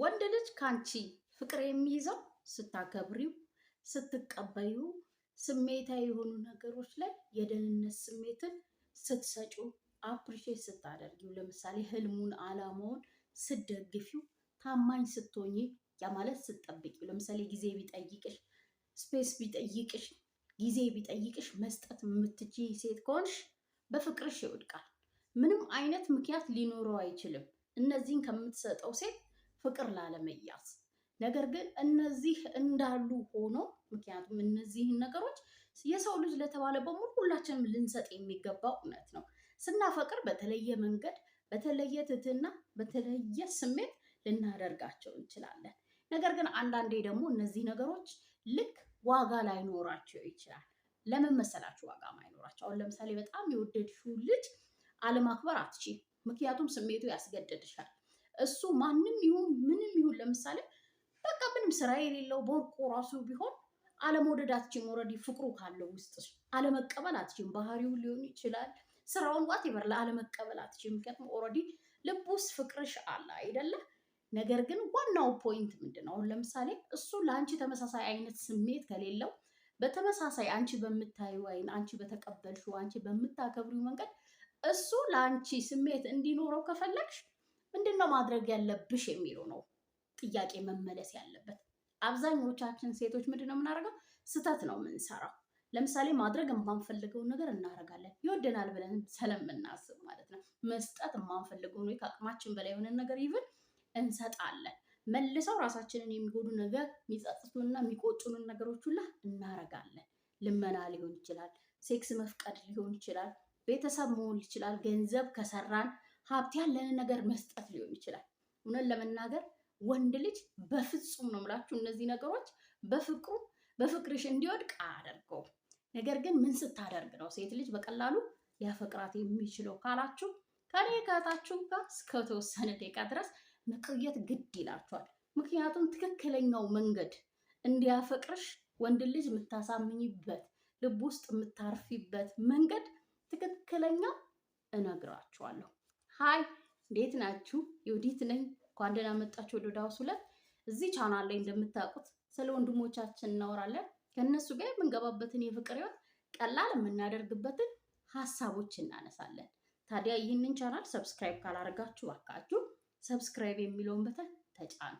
ወንድ ልጅ ካንቺ ፍቅር የሚይዘው ስታከብሪው፣ ስትቀበዩ፣ ስሜታዊ የሆኑ ነገሮች ላይ የደህንነት ስሜትን ስትሰጩ አፕሪሼት ስታደርጊው፣ ለምሳሌ ህልሙን አላማውን ስደግፊው ታማኝ ስትሆኚ፣ ያ ማለት ስትጠብቂው፣ ለምሳሌ ጊዜ ቢጠይቅሽ፣ ስፔስ ቢጠይቅሽ፣ ጊዜ ቢጠይቅሽ መስጠት የምትችይ ሴት ከሆንሽ በፍቅርሽ ይወድቃል። ምንም አይነት ምክንያት ሊኖረው አይችልም። እነዚህን ከምትሰጠው ሴት ፍቅር ላለመያዝ ነገር ግን እነዚህ እንዳሉ ሆኖ ምክንያቱም እነዚህን ነገሮች የሰው ልጅ ለተባለ በሙሉ ሁላችንም ልንሰጥ የሚገባው እውነት ነው። ስናፈቅር በተለየ መንገድ፣ በተለየ ትህትና፣ በተለየ ስሜት ልናደርጋቸው እንችላለን። ነገር ግን አንዳንዴ ደግሞ እነዚህ ነገሮች ልክ ዋጋ ላይኖራቸው ይችላል። ለምን መሰላችሁ? ዋጋ ማይኖራቸው አሁን ለምሳሌ በጣም የወደድሽው ልጅ አለማክበር አትችይም። ምክንያቱም ስሜቱ ያስገደድሻል። እሱ ማንም ይሁን ምንም ይሁን ለምሳሌ በቃ ምንም ስራ የሌለው በወርቁ ራሱ ቢሆን አትችም። ወረዲ ፍቅሩ ካለው ውስጥ አለመቀበል አትችም። ባህሪው ሊሆን ይችላል ስራውን ዋት ይበር ለአለመቀበል አትችም። ምክንያቱም ኦረዲ ልብ ውስጥ ፍቅርሽ አለ አይደለ? ነገር ግን ዋናው ፖይንት ምንድን ነው? አሁን ለምሳሌ እሱ ለአንቺ ተመሳሳይ አይነት ስሜት ከሌለው በተመሳሳይ አንቺ በምታዩ አይን፣ አንቺ በተቀበልሽው፣ አንቺ በምታከብሪው መንገድ እሱ ለአንቺ ስሜት እንዲኖረው ከፈለግሽ ምንድን ነው ማድረግ ያለብሽ የሚለው ነው ጥያቄ መመለስ ያለበት። አብዛኞቻችን ሴቶች ምንድን ነው የምናደርገው? ስህተት ነው የምንሰራው። ለምሳሌ ማድረግ የማንፈልገውን ነገር እናደርጋለን፣ ይወደናል ብለን ስለምናስብ ማለት ነው። መስጠት የማንፈልገውን ወይ ከአቅማችን በላይ የሆነን ነገር ይብን እንሰጣለን። መልሰው ራሳችንን የሚጎዱ ነገር የሚጸጽቱንና የሚቆጩንን ነገሮች ሁላ እናረጋለን። ልመና ሊሆን ይችላል፣ ሴክስ መፍቀድ ሊሆን ይችላል፣ ቤተሰብ መሆን ይችላል። ገንዘብ ከሰራን ሀብት ያለንን ነገር መስጠት ሊሆን ይችላል። እውነት ለመናገር ወንድ ልጅ በፍጹም ነው የምላችሁ እነዚህ ነገሮች በፍቅሩ በፍቅርሽ እንዲወድቅ አደርገው። ነገር ግን ምን ስታደርግ ነው ሴት ልጅ በቀላሉ ሊያፈቅራት የሚችለው ካላችሁ ከኔ ከእህታችሁ ጋር እስከተወሰነ ደቂቃ ድረስ መቆየት ግድ ይላችኋል። ምክንያቱም ትክክለኛው መንገድ እንዲያፈቅርሽ ወንድ ልጅ የምታሳምኝበት ልብ ውስጥ የምታርፊበት መንገድ ትክክለኛ እነግራችኋለሁ። ሀይ እንዴት ናችሁ? ዮዲት ነኝ። እንኳን ደህና መጣችሁ ወደ ዮድ ሃውስ ሁለት። እዚህ ቻናል ላይ እንደምታውቁት ስለ ወንድሞቻችን እናወራለን። ከእነሱ ጋር የምንገባበትን የፍቅር ህይወት ቀላል የምናደርግበትን ሀሳቦች እናነሳለን። ታዲያ ይህንን ቻናል ሰብስክራይብ ካላደረጋችሁ እባካችሁ ሰብስክራይብ የሚለውን በተን ተጫኑ።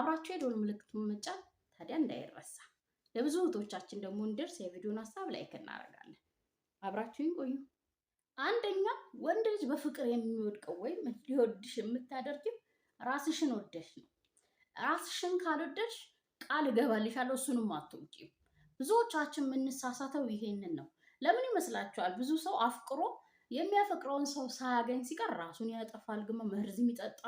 አብራችሁ የደወል ምልክቱን መጫን ታዲያ እንዳይረሳ። ለብዙ እህቶቻችን ደግሞ እንደርስ የቪዲዮን ሀሳብ ላይክ እናደርጋለን። አብራችሁ ቆዩ። አንደኛ ወንድ ልጅ በፍቅር የሚወድቀው ወይም ሊወድሽ የምታደርጊው ራስሽን ወደሽ ነው። ራስሽን ካልወደሽ ቃል እገባልሻለሁ እሱንም አትወጪም። ብዙዎቻችን የምንሳሳተው ይሄንን ነው። ለምን ይመስላችኋል? ብዙ ሰው አፍቅሮ የሚያፈቅረውን ሰው ሳያገኝ ሲቀር ራሱን ያጠፋል። ግመ መርዝም የሚጠጣ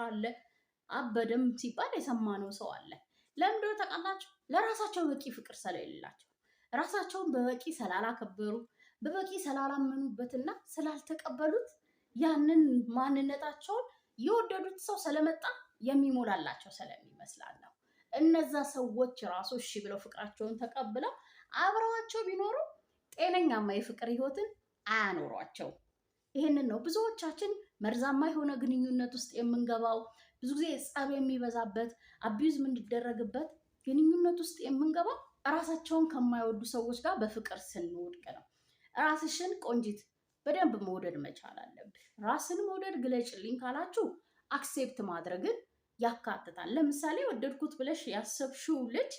አበደም ሲባል የሰማነው ሰው አለ። ለምንድ ተቃላቸው? ለራሳቸው በቂ ፍቅር ስለሌላቸው ራሳቸውን በበቂ ስላላከበሩ በበቂ ስላላመኑበትና ስላልተቀበሉት ያንን ማንነታቸውን የወደዱት ሰው ስለመጣ የሚሞላላቸው ስለሚመስላል ነው። እነዛ ሰዎች ራሱ እሺ ብለው ፍቅራቸውን ተቀብለው አብረዋቸው ቢኖሩ ጤነኛማ የፍቅር ህይወትን አያኖሯቸው። ይህንን ነው ብዙዎቻችን መርዛማ የሆነ ግንኙነት ውስጥ የምንገባው። ብዙ ጊዜ ጸብ የሚበዛበት አቢዩዝ የምንደረግበት ግንኙነት ውስጥ የምንገባው ራሳቸውን ከማይወዱ ሰዎች ጋር በፍቅር ስንወድቅ ነው። ራስሽን ቆንጂት በደንብ መውደድ መቻል አለብሽ። ራስን መውደድ ግለጭልኝ ካላችሁ አክሴፕት ማድረግን ያካትታል። ለምሳሌ ወደድኩት ብለሽ ያሰብሽው ልጅ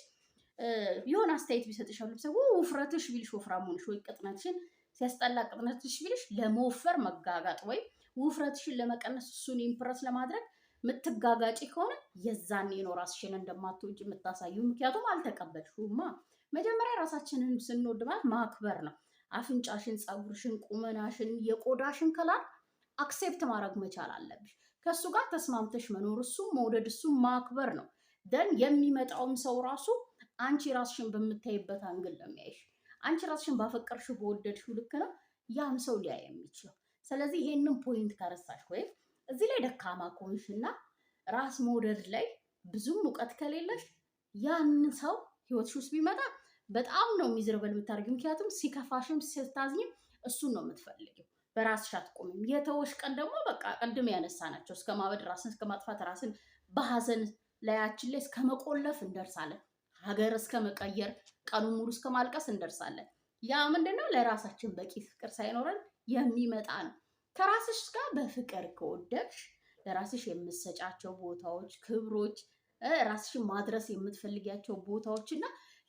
የሆነ አስተያየት ቢሰጥሽ ለምሳሌ ውፍረትሽ ቢልሽ ወፍራም ሆንሽ ወይ ቅጥነትሽን ሲያስጠላ ቅጥነትሽ ቢልሽ ለመወፈር መጋጋጥ ወይም ውፍረትሽን ለመቀነስ እሱን ኢምፕረስ ለማድረግ ምትጋጋጭ ከሆነ የዛን ነው ራስሽን እንደማትወጪ የምታሳዩ። ምክንያቱም አልተቀበልሽውማ። መጀመሪያ ራሳችንን ስንወድ ማለት ማክበር ነው። አፍንጫሽን፣ ፀጉርሽን፣ ቁመናሽን፣ የቆዳሽን ከላር አክሴፕት ማድረግ መቻል አለብሽ። ከእሱ ጋር ተስማምተሽ መኖር እሱም መውደድ እሱም ማክበር ነው። ደን የሚመጣውም ሰው ራሱ አንቺ ራስሽን በምታይበት አንግል ነው የሚያይሽ። አንቺ ራስሽን ባፈቀርሽው በወደድሽው ልክ ነው ያም ሰው ሊያይ የሚችለው። ስለዚህ ይሄንን ፖይንት ከረሳሽ ወይም እዚህ ላይ ደካማ ከሆንሽ ራስ መውደድ ላይ ብዙም እውቀት ከሌለሽ ያን ሰው ህይወትሽ ውስጥ ቢመጣ በጣም ነው ሚዝረበል የምታደርጊው። ምክንያቱም ሲከፋሽም ስታዝኝም እሱን ነው የምትፈልጊው። በራስሽ አትቆሚም። የተወሽ ቀን ደግሞ በቃ ቅድም ያነሳ ናቸው እስከ ማበድ ራስን እስከ ማጥፋት ራስን በሀዘን ላያችን ላይ እስከ መቆለፍ እንደርሳለን። ሀገር እስከ መቀየር ቀኑን ሙሉ እስከ ማልቀስ እንደርሳለን። ያ ምንድነው ለራሳችን በቂ ፍቅር ሳይኖረን የሚመጣ ነው። ከራስሽ ጋር በፍቅር ከወደቅሽ ለራስሽ የምሰጫቸው ቦታዎች፣ ክብሮች፣ ራስሽን ማድረስ የምትፈልጊያቸው ቦታዎች እና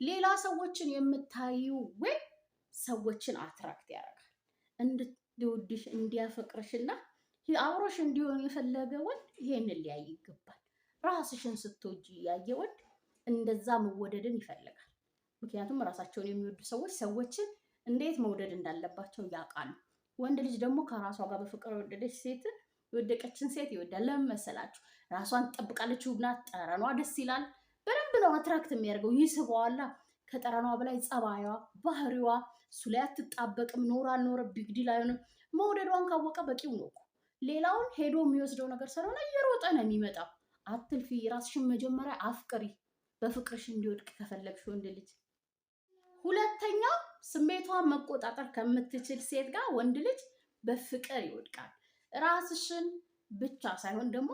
ሌላ ሰዎችን የምታዩ ወይ ሰዎችን አትራክት ያደርጋል። እንድትወድሽ እንዲያፈቅርሽና አብሮሽ እንዲሆን የፈለገ ወንድ ይሄንን ሊያይ ይገባል። ራስሽን ስትወጂ ያየ ወንድ እንደዛ መወደድን ይፈልጋል። ምክንያቱም ራሳቸውን የሚወዱ ሰዎች ሰዎችን እንዴት መውደድ እንዳለባቸው ያውቃሉ። ወንድ ልጅ ደግሞ ከራሷ ጋር በፍቅር የወደደች ሴት የወደቀችን ሴት ይወዳል። ለምን መሰላችሁ? ራሷን ትጠብቃለች፣ ውብ ናት፣ ጠረኗ ደስ ይላል። ነው አትራክት የሚያደርገው ይስበዋላ። ከጠረኗ በላይ ጸባይዋ፣ ባህሪዋ እሱ ላይ አትጣበቅም። ኖራ ኖረ ቢግዲል አይሆንም። መውደዷን ካወቀ በቂው ነው። ሌላውን ሄዶ የሚወስደው ነገር ስለሆነ እየሮጠ ነው የሚመጣው። አትልፊ፣ ራስሽን መጀመሪያ አፍቅሪ፣ በፍቅርሽ እንዲወድቅ ከፈለግሽ ወንድ ልጅ። ሁለተኛ ስሜቷን መቆጣጠር ከምትችል ሴት ጋር ወንድ ልጅ በፍቅር ይወድቃል። ራስሽን ብቻ ሳይሆን ደግሞ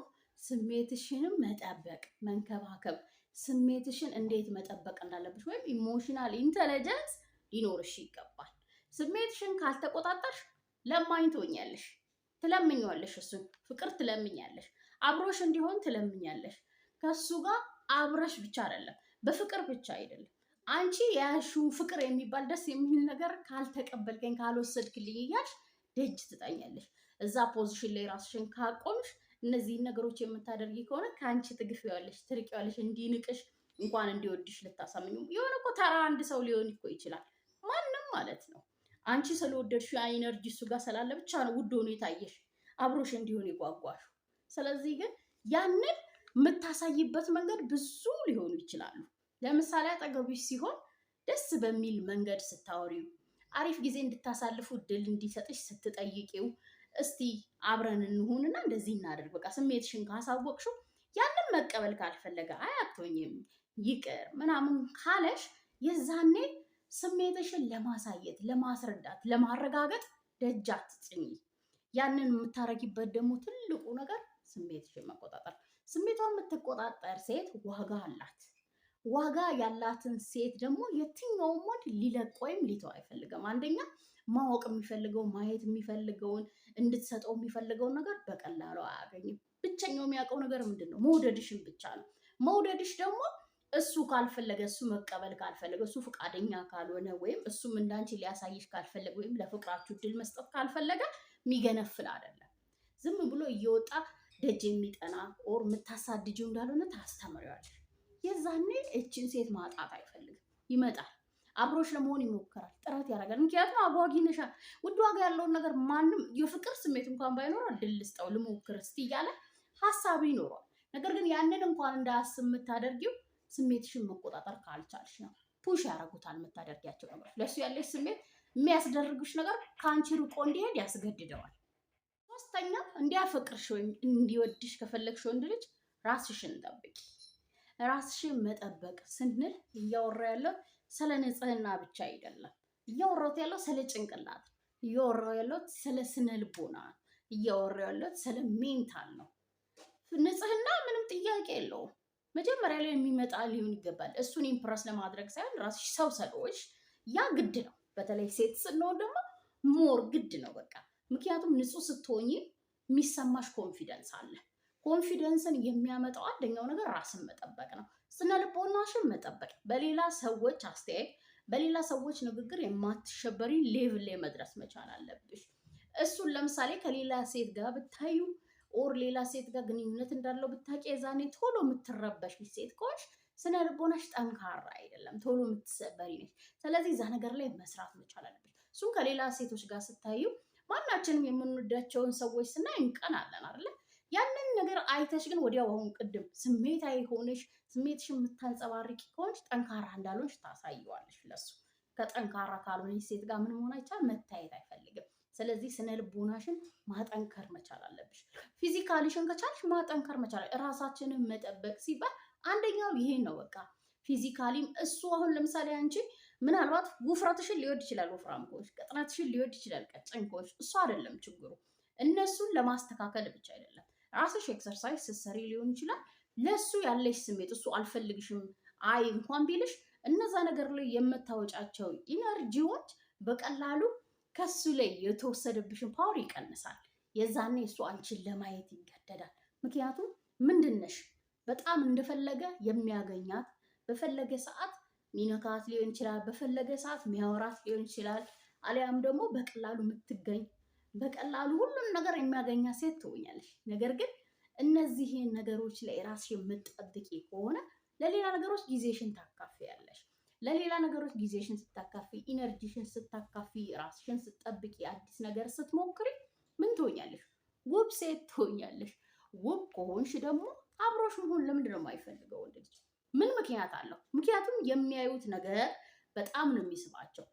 ስሜትሽንም መጠበቅ መንከባከብ ስሜትሽን እንዴት መጠበቅ እንዳለብሽ ወይም ኢሞሽናል ኢንተለጀንስ ሊኖርሽ ይገባል። ስሜትሽን ካልተቆጣጠርሽ ለማኝ ትሆኛለሽ። ትለምኛለሽ፣ እሱን ፍቅር ትለምኛለሽ፣ አብሮሽ እንዲሆን ትለምኛለሽ። ከሱ ጋር አብረሽ ብቻ አይደለም፣ በፍቅር ብቻ አይደለም። አንቺ የያሽውን ፍቅር የሚባል ደስ የሚል ነገር ካልተቀበልከኝ፣ ካልወሰድክልኝ እያልሽ ደጅ ትጠኛለሽ። እዛ ፖዚሽን ላይ ራስሽን ካቆምሽ እነዚህን ነገሮች የምታደርጊ ከሆነ ከአንቺ ትግፊዋለሽ፣ ትርቂዋለሽ። እንዲንቅሽ እንኳን እንዲወድሽ ልታሳምኙ የሆነ እኮ ተራ አንድ ሰው ሊሆን እኮ ይችላል፣ ማንም ማለት ነው። አንቺ ስለወደድሽው ኢነርጂ እሱ ጋር ስላለ ብቻ ነው ውድ ሆኖ የታየሽ አብሮሽ እንዲሆን የጓጓሹ። ስለዚህ ግን ያንን የምታሳይበት መንገድ ብዙ ሊሆኑ ይችላሉ። ለምሳሌ አጠገቢሽ ሲሆን ደስ በሚል መንገድ ስታወሪው፣ አሪፍ ጊዜ እንድታሳልፉ እድል እንዲሰጥሽ ስትጠይቂው እስቲ አብረን እንሁንና እንደዚህ እናደርግ፣ በቃ ስሜትሽን ካሳወቅሽው ያንን መቀበል ካልፈለገ አያቶኝም ይቅር ምናምን ካለሽ የዛኔ ስሜትሽን ለማሳየት ለማስረዳት፣ ለማረጋገጥ ደጅ አትጭኝ። ያንን የምታረጊበት ደግሞ ትልቁ ነገር ስሜትሽን መቆጣጠር። ስሜቷን የምትቆጣጠር ሴት ዋጋ አላት። ዋጋ ያላትን ሴት ደግሞ የትኛውም ወንድ ሊለቅ ወይም ሊተው አይፈልግም። አንደኛ ማወቅ የሚፈልገው ማየት የሚፈልገውን እንድትሰጠው የሚፈልገውን ነገር በቀላሉ አያገኝም። ብቸኛው የሚያውቀው ነገር ምንድን ነው? መውደድሽን ብቻ ነው። መውደድሽ ደግሞ እሱ ካልፈለገ እሱ መቀበል ካልፈለገ እሱ ፈቃደኛ ካልሆነ ወይም እሱም እንዳንቺ ሊያሳይሽ ካልፈለገ ወይም ለፍቅራችሁ ድል መስጠት ካልፈለገ የሚገነፍል አይደለም። ዝም ብሎ እየወጣ ደጅ የሚጠና ኦር የምታሳድጅው እንዳልሆነ ታስተምሪዋለሽ። የዛኔ እችን ሴት ማጣት አይፈልግም፣ ይመጣል። አብሮሽ ለመሆን ይሞክራል፣ ጥረት ያደርጋል። ምክንያቱም አጓጊ ነሻ። ውድ ዋጋ ያለውን ነገር ማንም የፍቅር ስሜት እንኳን ባይኖረው ድልስጠው ልሞክር እስቲ እያለ ሀሳብ ይኖረዋል። ነገር ግን ያንን እንኳን እንዳያስብ የምታደርጊው ስሜትሽን መቆጣጠር ካልቻልሽ ነው። ፑሽ ያደርጉታል የምታደርጊያቸው ነገሮች። ለእሱ ያለሽ ስሜት የሚያስደርግሽ ነገር ከአንቺ ርቆ እንዲሄድ ያስገድደዋል። ሶስተኛ እንዲያፈቅርሽ ወይም እንዲወድሽ ከፈለግሽ ወንድ ልጅ ራስሽን ጠብቂ። ራስሽን መጠበቅ ስንል እያወራ ያለው ስለ ንጽህና ብቻ አይደለም እያወራሁት ያለው ስለ ጭንቅላት እያወራሁ ያለሁት ስለ ስነ ልቦና እያወራሁ ያለሁት ስለ ሜንታል ነው። ንጽህና ምንም ጥያቄ የለውም። መጀመሪያ ላይ የሚመጣ ሊሆን ይገባል። እሱን ኢምፕረስ ለማድረግ ሳይሆን ራስሽ ሰው ሰዎች ያ ግድ ነው። በተለይ ሴት ስንሆን ደግሞ ሞር ግድ ነው በቃ። ምክንያቱም ንጹህ ስትሆኝ የሚሰማሽ ኮንፊደንስ አለ። ኮንፊደንስን የሚያመጣው አንደኛው ነገር ራስን መጠበቅ ነው። ስነ ልቦናሽን መጠበቅ፣ በሌላ ሰዎች አስተያየት፣ በሌላ ሰዎች ንግግር የማትሸበሪ ሌቭል ላይ መድረስ መቻል አለብሽ። እሱን ለምሳሌ ከሌላ ሴት ጋር ብታዩ ኦር ሌላ ሴት ጋር ግንኙነት እንዳለው ብታውቂ የዛኔ ቶሎ የምትረበሽ ሴት ከሆንሽ ስነ ልቦናሽ ጠንካራ አይደለም፣ ቶሎ የምትሰበሪ ስለዚህ እዛ ነገር ላይ መስራት መቻል አለብሽ። እሱም ከሌላ ሴቶች ጋር ስታዩ ማናችንም የምንወዳቸውን ሰዎች ስናይ እንቀናለን አይደለ? ያንን ነገር አይተሽ ግን ወዲያው አሁን ቅድም ስሜታዊ ሆነሽ ስሜትሽ የምታንጸባርቂ ከሆንሽ ጠንካራ እንዳልሆንሽ ታሳየዋለሽ ለሱ። ከጠንካራ ካልሆነች ሴት ጋር ምን መሆን አይቻል፣ መታየት አይፈልግም። ስለዚህ ስነ ልቦናሽን ማጠንከር መቻል አለብሽ። ፊዚካልሽን ከቻልሽ ማጠንከር መቻል፣ እራሳችንን መጠበቅ ሲባል አንደኛው ይሄ ነው። በቃ ፊዚካሊም እሱ አሁን ለምሳሌ አንቺ ምናልባት ውፍረትሽን ሊወድ ይችላል፣ ወፍራም ከሆንሽ ቅጥነትሽን ሊወድ ይችላል፣ ቀጭን ከሆንሽ። እሱ አይደለም ችግሩ፣ እነሱን ለማስተካከል ብቻ አይደለም ራስሽ ኤክሰርሳይዝ ስትሰሪ ሊሆን ይችላል። ለእሱ ያለሽ ስሜት እሱ አልፈልግሽም አይ እንኳን ቢልሽ እነዛ ነገር ላይ የምታወጫቸው ኢነርጂዎች በቀላሉ ከሱ ላይ የተወሰደብሽን ፓወር ይቀንሳል። የዛኔ እሱ አንቺን ለማየት ይገደዳል። ምክንያቱም ምንድነሽ በጣም እንደፈለገ የሚያገኛት በፈለገ ሰዓት ሚነካት ሊሆን ይችላል፣ በፈለገ ሰዓት ሚያወራት ሊሆን ይችላል። አሊያም ደግሞ በቀላሉ የምትገኝ በቀላሉ ሁሉም ነገር የሚያገኛ ሴት ትሆኛለሽ። ነገር ግን እነዚህን ነገሮች ላይ ራስሽ የምትጠብቂ ከሆነ ለሌላ ነገሮች ጊዜሽን ታካፊያለሽ። ለሌላ ነገሮች ጊዜሽን ስታካፊ፣ ኢነርጂሽን ስታካፊ፣ ራስሽን ስትጠብቂ፣ አዲስ ነገር ስትሞክሪ ምን ትሆኛለሽ? ውብ ሴት ትሆኛለሽ። ውብ ከሆንሽ ደግሞ አብሮሽ መሆን ለምንድን ነው የማይፈልገው ወንድ ልጅ? ምን ምክንያት አለው? ምክንያቱም የሚያዩት ነገር በጣም ነው የሚስባቸው።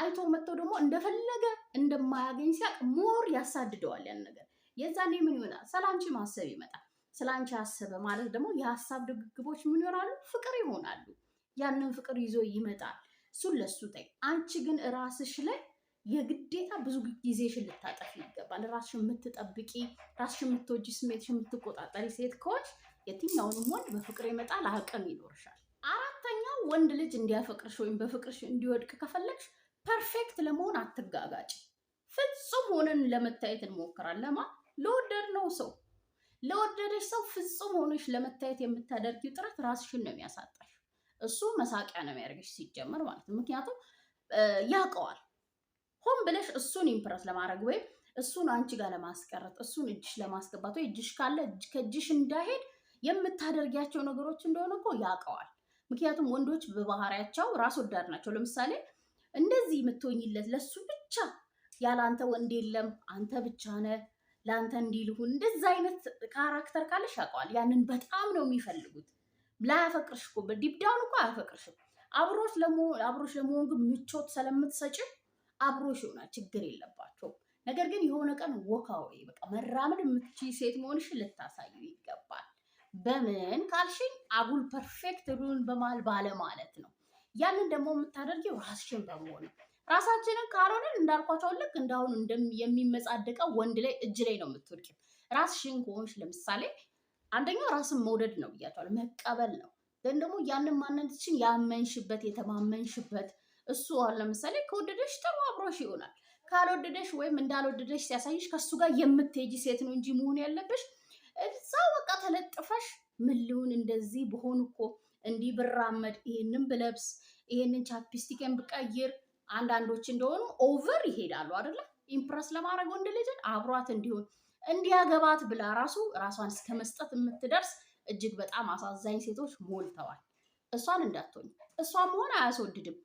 አይቶ መጥቶ ደግሞ እንደፈለገ እንደማያገኝ ሲያቅ ሞር ያሳድደዋል። ያን ነገር የዛኔ ምን ይሆናል? ስላንቺ ማሰብ ይመጣል። ስላንቺ አሰበ ማለት ደግሞ የሀሳብ ድግግቦች ምን ይሆናሉ? ፍቅር ይሆናሉ። ያንን ፍቅር ይዞ ይመጣል። እሱን ለሱ ጠይ። አንቺ ግን ራስሽ ላይ የግዴታ ብዙ ጊዜሽን ልታጠፍ ይገባል። ራስሽ የምትጠብቂ ራስሽ የምትወጂ ስሜትሽን የምትቆጣጠሪ ሴት ከሆንሽ የትኛውንም ወንድ በፍቅር ይመጣል፣ አቅም ይኖርሻል። አራተኛው ወንድ ልጅ እንዲያፈቅርሽ ወይም በፍቅርሽ እንዲወድቅ ከፈለግሽ ፐርፌክት ለመሆን አትጋጋጭ። ፍጹም ሆነን ለመታየት እንሞክራል። ለማ ለወደድነው ሰው ለወደደች ሰው ፍጹም ሆነሽ ለመታየት የምታደርጊው ጥረት ራስሽን ነው የሚያሳጣሽ። እሱ መሳቂያ ነው የሚያደርግሽ ሲጀመር ማለት ነው። ምክንያቱም ያውቀዋል። ሆን ብለሽ እሱን ኢምፕረስ ለማድረግ ወይም እሱን አንቺ ጋር ለማስቀረት እሱን እጅሽ ለማስገባት ወይ እጅሽ ካለ ከእጅሽ እንዳይሄድ የምታደርጊያቸው ነገሮች እንደሆነ እኮ ያውቀዋል። ምክንያቱም ወንዶች በባህሪያቸው ራስ ወዳድ ናቸው። ለምሳሌ እንደዚህ የምትሆኝለት ለሱ ብቻ ያለ አንተ ወንድ የለም፣ አንተ ብቻ ነህ፣ ለአንተ እንዲልሁን እንደዛ አይነት ካራክተር ካለሽ ያውቀዋል። ያንን በጣም ነው የሚፈልጉት። ላያፈቅርሽ እኮ ዲብዳውን እኮ አያፈቅርሽም። አብሮሽ ለመሆን ግን ምቾት ስለምትሰጭ አብሮሽ ይሆናል። ችግር የለባቸውም። ነገር ግን የሆነ ቀን ወካዊ በቃ መራመድ የምትችይ ሴት መሆንሽ ልታሳዩ ይገባል። በምን ካልሽኝ አጉል ፐርፌክት ሩን በማል ባለ ማለት ነው ያንን ደግሞ የምታደርጊው ራስሽን በመሆን ራሳችንን ካልሆንን እንዳልኳቸው ልክ እንዳሁን የሚመጻደቀው ወንድ ላይ እጅ ላይ ነው የምትወድቂው። ራስሽን ከሆንሽ ለምሳሌ አንደኛው ራስን መውደድ ነው ብያቸዋለሁ፣ መቀበል ነው። ግን ደግሞ ያንን ማንነትሽን ያመንሽበት የተማመንሽበት እሱ አሁን ለምሳሌ ከወደደሽ ጥሩ አብሮሽ ይሆናል። ካልወደደሽ ወይም እንዳልወደደሽ ሲያሳይሽ ከሱ ጋር የምትሄጂ ሴት ነው እንጂ መሆን ያለብሽ እዛው በቃ ተለጥፈሽ ምን ልሁን እንደዚህ በሆን እኮ እንዲህ ብራመድ፣ ይሄንን ብለብስ፣ ይህንን ቻፕስቲክን ብቀይር፣ አንዳንዶች እንደሆኑ ኦቨር ይሄዳሉ አደለ? ኢምፕረስ ለማድረግ ወንድ ልጅን አብሯት እንዲሆን እንዲያገባት ብላ ራሱ ራሷን እስከ መስጠት የምትደርስ እጅግ በጣም አሳዛኝ ሴቶች ሞልተዋል። እሷን እንዳትሆኝ፣ እሷ መሆን አያስወድድም።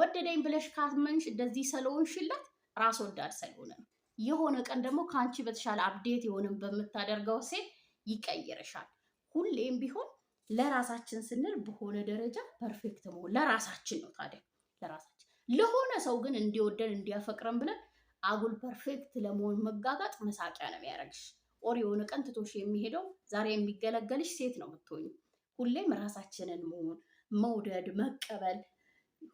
ወደደኝ ብለሽ ካመንሽ እንደዚህ ስለሆንሽለት ራስ ወዳድ ስለሆነም የሆነ ቀን ደግሞ ከአንቺ በተሻለ አብዴት የሆንም በምታደርገው ሴት ይቀይርሻል። ሁሌም ቢሆን ለራሳችን ስንል በሆነ ደረጃ ፐርፌክት መሆን ለራሳችን ነው። ታዲያ ለራሳችን ለሆነ ሰው ግን እንዲወደን እንዲያፈቅረን ብለን አጉል ፐርፌክት ለመሆን መጋጋጥ መሳቂያ ነው የሚያደርግሽ። ኦር የሆነ ቀን ትቶሽ የሚሄደው ዛሬ የሚገለገልሽ ሴት ነው የምትሆኝ። ሁሌም ራሳችንን መሆን መውደድ፣ መቀበል፣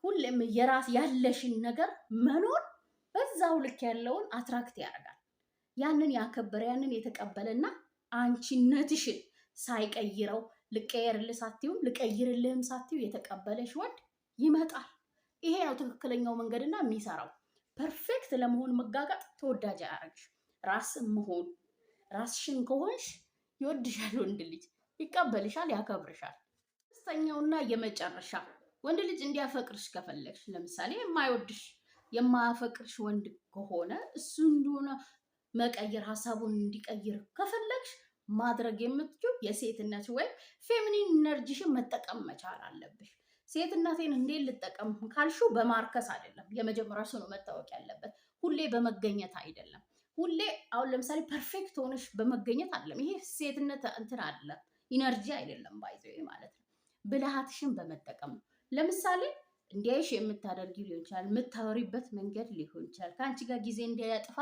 ሁሌም የራስ ያለሽን ነገር መኖር በዛው ልክ ያለውን አትራክት ያደርጋል። ያንን ያከበረ ያንን የተቀበለና አንቺነትሽን ሳይቀይረው ልቀየርልህ ሳትዩም ልቀይርልህም ሳትዩ የተቀበለሽ ወንድ ይመጣል። ይሄ ነው ትክክለኛው መንገድና የሚሰራው። ፐርፌክት ለመሆን መጋጋጥ ተወዳጅ አያረግሽ። ራስ መሆን ራስሽን ከሆንሽ ይወድሻል ወንድ ልጅ ይቀበልሻል፣ ያከብርሻል። ስተኛውና የመጨረሻ ወንድ ልጅ እንዲያፈቅርሽ ከፈለግሽ ለምሳሌ የማይወድሽ የማያፈቅርሽ ወንድ ከሆነ እሱ እንደሆነ መቀየር ሀሳቡን እንዲቀይር ከፈለግሽ ማድረግ የምትችው የሴትነት ወይም ፌሚኒን ኢነርጂሽን መጠቀም መቻል አለብሽ። ሴትነቴን እንዴት ልጠቀም ካልሹ በማርከስ አይደለም። የመጀመሪያ ሰው ነው መታወቅ ያለበት። ሁሌ በመገኘት አይደለም። ሁሌ አሁን ለምሳሌ ፐርፌክት ሆነሽ በመገኘት አይደለም። ይሄ ሴትነት እንትን አይደለም፣ ኢነርጂ አይደለም። ባይዘ ማለት ነው። ብልሃትሽን በመጠቀም ነው። ለምሳሌ እንዲያይሽ የምታደርጊ ሊሆን ይችላል። የምታወሪበት መንገድ ሊሆን ይችላል። ከአንቺ ጋር ጊዜ እንዲያጠፋ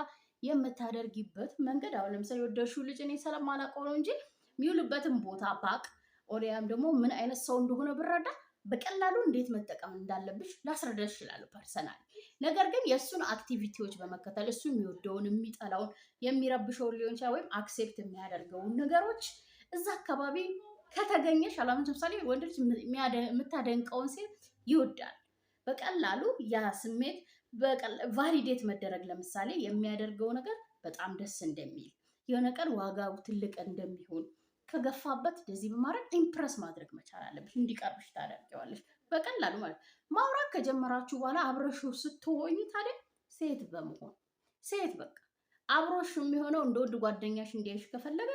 የምታደርጊበት መንገድ አሁን ለምሳሌ የወደድሽው ልጅ እኔ ስለማላውቀው ነው እንጂ የሚውልበትን ቦታ ባቅ ኦሪያም ደግሞ ምን አይነት ሰው እንደሆነ ብረዳ በቀላሉ እንዴት መጠቀም እንዳለብሽ ላስረዳሽ ይችላሉ ፐርሰናል። ነገር ግን የእሱን አክቲቪቲዎች በመከተል እሱ የሚወደውን የሚጠላውን፣ የሚረብሸውን ሊሆን ይችላል ወይም አክሴፕት የሚያደርገውን ነገሮች እዛ አካባቢ ከተገኘሽ አላምን ለምሳሌ ወንድ ልጅ የምታደንቀውን ሴት ይወዳል። በቀላሉ ያ ስሜት ቫሊዴት መደረግ ለምሳሌ የሚያደርገው ነገር በጣም ደስ እንደሚል የሆነ ቀን ዋጋው ትልቅ እንደሚሆን ከገፋበት እንደዚህ በማድረግ ኢምፕረስ ማድረግ መቻል አለብሽ። እንዲቀርብሽ ታደርጊዋለሽ በቀላሉ ማለት ማውራት ከጀመራችሁ በኋላ አብረሹ ስትሆኝ ታዲያ ሴት በመሆን ሴት በቃ አብሮሽ የሚሆነው እንደ ወድ ጓደኛሽ እንዲያይሽ ከፈለገ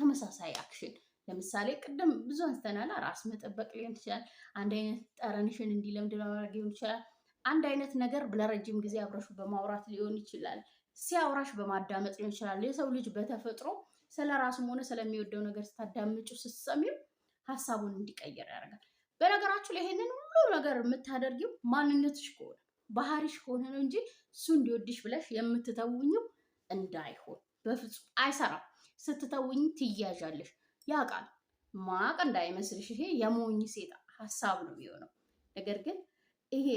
ተመሳሳይ አክሽን ለምሳሌ ቅድም ብዙ አንስተናል። ራስ መጠበቅ ሊሆን ይችላል። አንድ አይነት ጠረንሽን እንዲለምድ ማድረግ ሊሆን ይችላል። አንድ አይነት ነገር ለረጅም ጊዜ አብረሹ በማውራት ሊሆን ይችላል። ሲያውራሽ በማዳመጥ ሊሆን ይችላል። የሰው ልጅ በተፈጥሮ ስለ ራሱም ሆነ ስለሚወደው ነገር ስታዳምጩ ስትሰሚው ሀሳቡን እንዲቀየር ያደርጋል። በነገራችሁ ላይ ይሄንን ሁሉ ነገር የምታደርጊው ማንነትሽ ከሆነ ባህሪሽ ከሆነ ነው እንጂ እሱ እንዲወድሽ ብለሽ የምትተውኝው እንዳይሆን በፍጹም አይሰራም። ስትተውኝ ትያዣለሽ። ያ ቃል ማቅ እንዳይመስልሽ። ይሄ የሞኝ ሴጣ ሀሳብ ነው የሚሆነው ነገር ግን ይሄ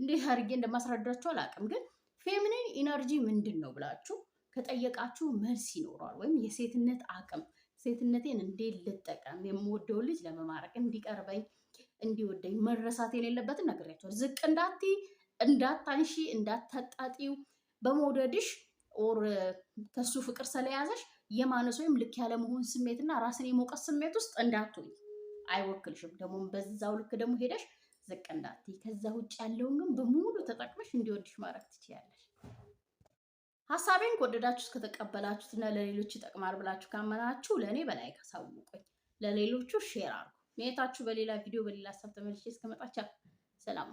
እንዴት አድርጌ እንደማስረዳችሁ አላውቅም፣ ግን ፌሚኒን ኢነርጂ ምንድን ነው ብላችሁ ከጠየቃችሁ መልስ ይኖረዋል። ወይም የሴትነት አቅም ሴትነቴን እንዴት ልጠቀም፣ የምወደው ልጅ ለመማረቅ እንዲቀርበኝ፣ እንዲወደኝ መረሳት የሌለበትን ነግሬያቸዋል። ዝቅ እንዳት እንዳታንሺ እንዳታጣጢው በመውደድሽ ኦር ከሱ ፍቅር ስለያዘሽ የማነስ ወይም ልክ ያለመሆን ስሜትና ራስን የመውቀስ ስሜት ውስጥ እንዳትሆኝ አይወክልሽም። ደግሞ በዛው ልክ ደግሞ ሄደሽ ዝቅ እንዳትይ። ከዛ ውጭ ያለውን ግን በሙሉ ተጠቅመሽ እንዲወድሽ ማድረግ ትችያለሽ። ሀሳቤን ከወደዳችሁ እስከተቀበላችሁት እና ለሌሎች ይጠቅማል ብላችሁ ካመናችሁ ለእኔ በላይ ካሳውቁኝ፣ ለሌሎቹ ሼር አርጉ። መሄታችሁ በሌላ ቪዲዮ በሌላ ሀሳብ ተመልሼ እስከመጣች ሰላም